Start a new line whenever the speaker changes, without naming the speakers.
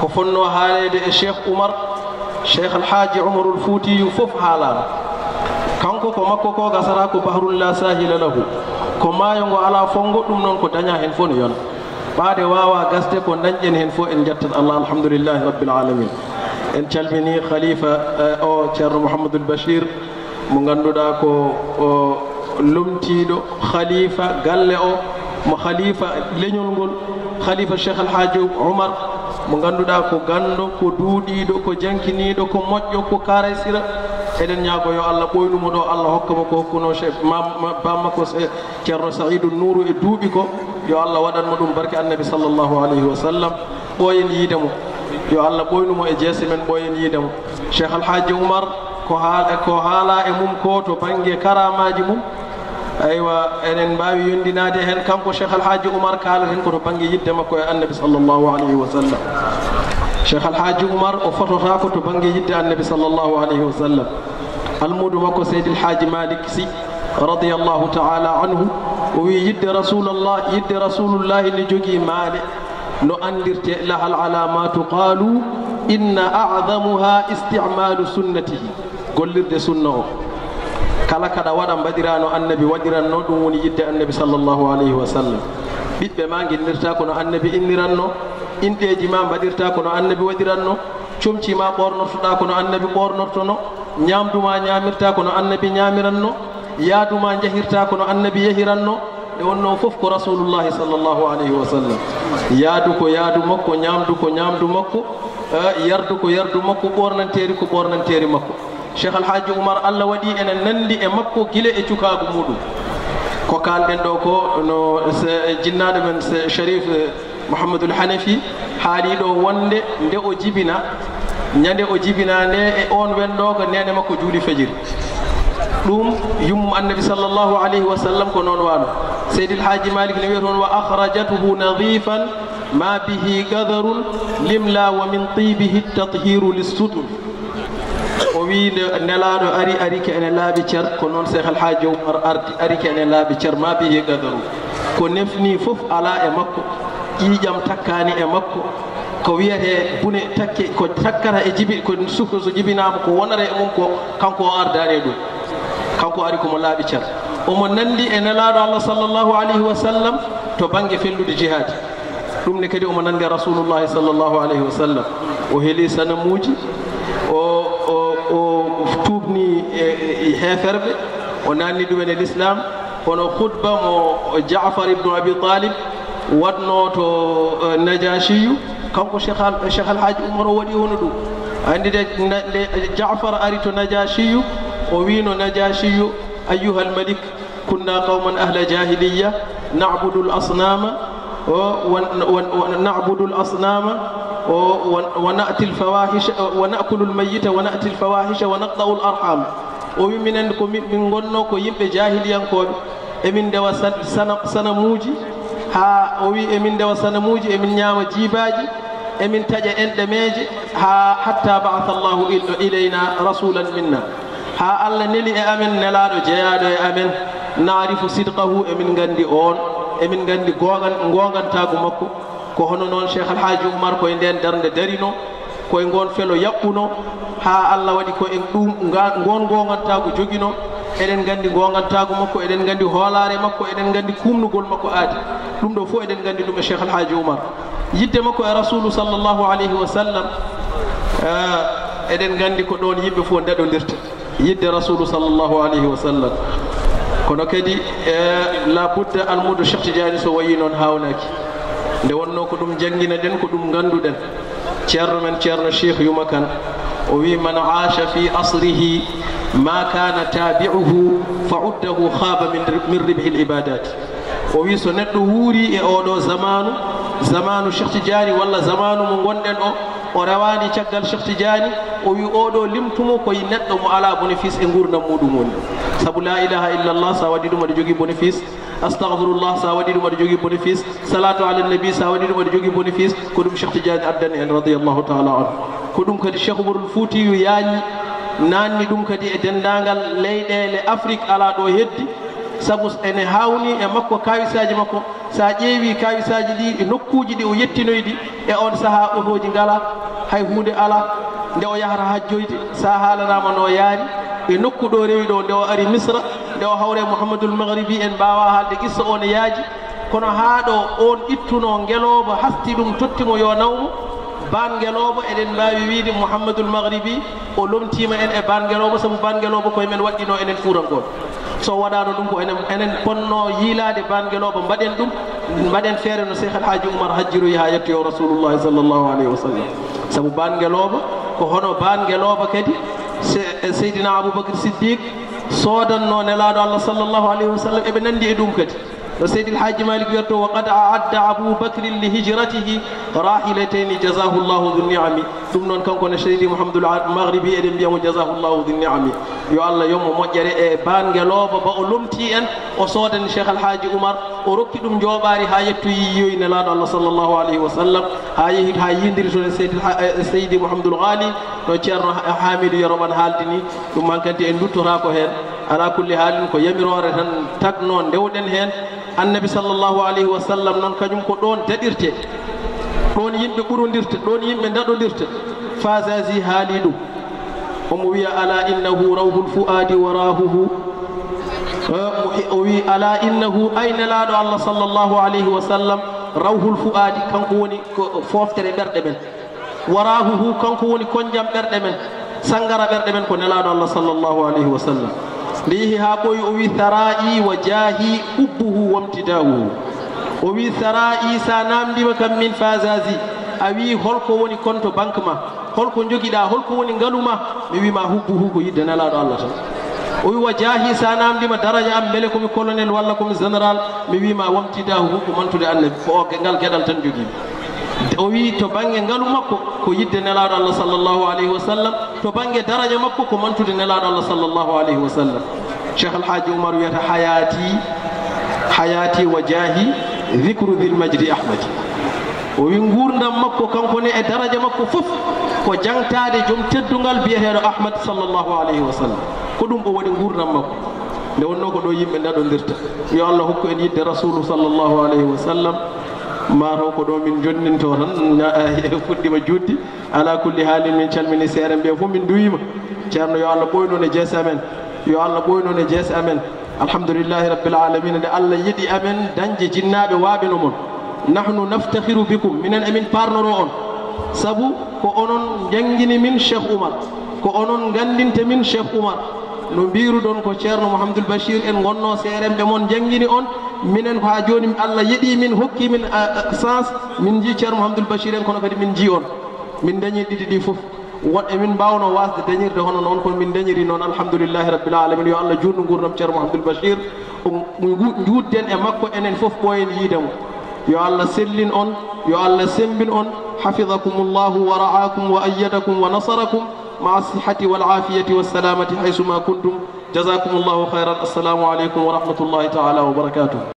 ko fonno haaleede e cheikh oumar cheikh alhaaji oumarul fuutiyu fof haalaano kanko ko makko ko gasata ko bahrul la sahila lahu ko maayo ngo alaa fongo ɗum noon ko daña heen fof no yona ɓaade waawa gasde ko dañƴen heen fof en jettat allah alhamdoulillahi rabbil alamin en calmini khalifa o ceerno mouhamadoul bachir mo ngannduɗaa ko lomtiiɗo khalifa galle o mo khalifa leñol ngol khalifa cheikh alhaaji oumar menganduda ko gando ko duudi do ko jankini do ko mojjo ko kare sira eden nyaago yo ya Allah boynu mo do Allah hokkama ko ko no chef bamma ko se cerro saidun nuru e duubi ko yo ya Allah wadan mo dum barke annabi sallallahu alaihi wasallam boyen yidam yo ya Allah boynu mo e jese men boyen yidam cheikh al haji umar ko haala ko haala e mum ko to bangi karamaaji mum أيوة إن بابي يندنا دهن كم شيخ الحاج عمر قال إن كنا بنجي جدا ما النبي صلى الله عليه وسلم شيخ الحاج عمر أفر راك تبنجي جدا النبي صلى الله عليه وسلم المود ما سيد الحاج مالك سي رضي الله تعالى عنه ويجد رسول الله يد رسول الله لجوجي مالك نو أندر لها العلامات قالوا إن أعظمها استعمال سنته قل لرد سنه kala kada waɗan badirano annabi waɗiranno dum woni yidde annabi sallallahu alayhi wa sallam ɓiɓɓe ma guinnirta kono annabi inniranno indeji ma mbaɗirta kono annabi wadiranno chumci ma ɓornortoɗa kono annabi ɓornortono nyamduma nyamirta ñamirta kono annabi nyamiranno yaadu ma jahirta kono annabi yahiranno de wonno fof ko rasulullahi sallallahu alayhi wa sallam yaadu ko yaadu makko nyamdu ko nyamdu makko yardu ko yardu makko bornanteri ko bornanteri makko cheikh alhaji oumar allah waɗi enen nandi e makko guila e cukagu muɗum ko kalɗen ɗo ko no jinnaɗo men sharif mouhamadoul hanafi haali ɗo wonde nde o jibina ñande o jibina nde e on wenɗo ko nene makko juuli fajiri ɗum yummum annabi sallllahu alayhi wa sallam ko noon wano seydil haji malik ne wiya toon wa akhrajatuhu nadifan ma bihi gadarun limla wa min tibihi tathiru lissudur أوين نلا رو أري أري كأن لا بشر كنون سخ الحاج عمر أرت أري كأن لا بشر ما به قدرو كنفني فوف على أمك إيجام تكاني أمك كويه بني تك كتكرا إجيب كن سوك سجيب نام كون رأي أمك كم كو أرداني دو كم كو أري كم لا بشر ومن نلي أن لا رو الله صلى الله عليه وسلم تبانج في اللد جهاد رم نكدي ومن نلي رسول الله صلى الله عليه وسلم وهلي سنموجي o tuubni e heeferɓe o nanni ɗumen e l'islam kono khutba mo jaafar ibnu abi talib watno to najachiyu kanko cheikh alhaji umar o waɗi hono ɗum andi de jaafar ari to najachiyu o wino najachiyu ayuha almalik kunna qawman ahla jahiliya nabudu l asnama ونعبد الأصنام ونأتي الفواحش ونأكل الميت ونأتي الفواحش ونقطع الأرحام ومن من غنو كو يمبه جاهليان كو emin dewa sanamuji ha o wi emin dewa sanamuji emin ñaama jiibaji emin taƴa enɗemeje ha hatta baatha llahu ilayna rasulan minna ha allah neli e amen nelaɗo jeeyaɗo e amen naarifu sidqahu emin gandi on emin gandi gogan gogantago makko ko hono noon cheikh alhaji oumar koye nden darde darino koye gon felo yaqquno ha allah waɗi ko en ɗum gon gogantagu joguino eɗen gandi gogantagu makko eɗen gandi hoolare makko eɗen gandi kumnugol makko aadi ɗum ɗo fof eɗen gandi ɗum e cheikh alhaji oumar yidde makko e rasulu sallllahu alayhi wa sallam eɗen gandi ko ɗon yimɓe fof ndaɗodirta yidde rasulu sallllahu alayhi wa sallam kono kadi labudda almudo cheikh tidiani so wayi noon hawnaki nde wonno ko ɗum janginaɗen ko ɗum ganduɗen ceerno men ceerno cheikh yuma kan o wi man acha fi asrihi ma kana tabi'uhu fa uddahu khaba min, min ribhi l ibadati o wi so neɗɗo wuuri e oɗo zamanu zamanu cheikh tidiani walla zamanu mo gonɗen o o rawani caggal cheikh tidiani o wi oɗo limtumo koye neɗɗo mo ala bonifice e gurdam muɗum woni saabu la ilaha illallah sa waɗi ɗum aɗa jogui bonifice استغفر الله ساودي دو مدي جوغي بونيفيس صلاه على النبي ساودي دو مدي جوغي بونيفيس كودوم شيخ تجاد عبدان رضي الله تعالى عنه كودوم كدي شيخ عمر الفوتي يالي ناني دوم كدي ادندانغال ليدل افريك على دو هيدي سابوس اني هاوني اي ماكو كايساجي ماكو سا جيوي كايساجي دي نوكوجي دي او يتينويدي اي اون ساها او هوجي غالا هاي هودي الا ndo yahara hajjoyde sa e e halana mo no yaari ينكو دو ريو دو دو اري مصر دو هوري محمد المغربي ان باوا هاد كيس اون ياجي كون هادو اون ايتو نو غلوبو حستي دوم توتيمو يو نوم بان غلوبو ادن باوي ويدي محمد المغربي او لومتيما ان اي بان غلوبو سم بان غلوبو كوي من وادينو انن فوران كون so wadano dum ko enen enen ponno yilade bangelobo baden dum baden fere no sheikh alhaji umar hajiru ya yati rasulullah sallallahu alaihi wasallam sabu bangelobo ko hono bangelobo kadi سيدنا أبو بكر الصديق صادا نون الله الله صلى الله عليه وسلم ابن عندي أدومك وسيد الحاج مالك يرتو وقد أعد أبو بكر لهجرته راحلتين جزاه الله ذو النعم ثم نون كان كون الشهيد محمد المغربي أدم بيام جزاه الله ذو النعم يو الله يوم مجرى بان جلوب بعلم تين وصادا الشيخ الحاج عمر أروكي دم جواباري هاي تويي نلاد الله صلى الله عليه وسلم هاي هاي يندرسون سيد محمد الغالي no ceerno hamidou yoroman haaldi ni ɗum mankanti en duttora ko hen ala kulli haalin ko yamirore tan tagno ndewɗen hen annabi sallallahu alayhi wa sallam noon kañum ko ɗon daɗirte ɗon yimɓe ɓurodirta ɗon yimɓe daɗodirta fasasi haali ɗum omo wiya ala innahu rawhul fuadi wa rahuhu o wi ala innahu aynelaɗo allah sallllahu alayhi wa sallam rawhul fuadi kanko woni ko foftere ɓerɗe men وراه هو كان كون كون جام بردمن سانغارا بردمن كون لا دون الله صلى الله عليه وسلم ليه ها بوي اوي ثرائي وجاهي اوبه وامتداو اوي ثرائي سانام دي وكم من فازازي اوي هول كون كون تو بانكما هول كون جوكي دا هول كون غالوما مي ما هو هو كو يدنا لا دون الله وي وجاهي سانام دي ما درجه ام بلكم كولونيل ولا كوم جنرال مي ما وامتداو كو مانتو دي الله فوك كدال تان o wi to bange ngalu makko ko yidde nelaɗo allah sallllahu alayhi wa sallam to bange daraja makko ko mantude nelaɗo allah sallllahu alayhi wa sallam cheikh alhaji oumar wiyata hayati hayati wa jahi dicru dilmajdi ahmadi o wi gurdam makko kanko ne e daraja makko fof ko jangtade joom teddugal biyeteɗo ahmad sallllahu alayhi wa sallam ko ɗum o waɗi gurdam makko nde wonno ko ɗo yimɓe ndaɗodirta yo allah hokku en yidde rasulu sallllahu alayhi wa sallam ما هو كدوم من جن تورن لا يفوت ما جودي على كل حال من شل من سير من بيفوم من دويم شأن يا الله بوينو نجس أمن يا الله بوينو نجس أمن الحمد لله رب العالمين الله يدي أمن دنج جنا بواب نمون نحن نفتخر بكم من الأمين بارنرون سبو كونون جنجين من شيخ عمر كونون جندين من شيخ عمر نبيرو دون كشير محمد البشير إن غنوا سير من جنجين أون من الهاجون الله يدي من هكى من أساس آه، آه، من جي شر محمد البشيرين كنا كذي من جيون من دنيا دي دي فوف وات من باون واس دنيا رهون نون كون من دنيا رينون الحمد لله رب العالمين يا الله جون نقول نم شر محمد البشير وجود دين أماك وإن فوف بوين يدم يا الله سلين أن يا الله سمين أن حفظكم الله ورعاكم وأيدكم ونصركم مع الصحة والعافية والسلامة حيثما كنتم جزاكم الله خيرا السلام عليكم ورحمة الله تعالى وبركاته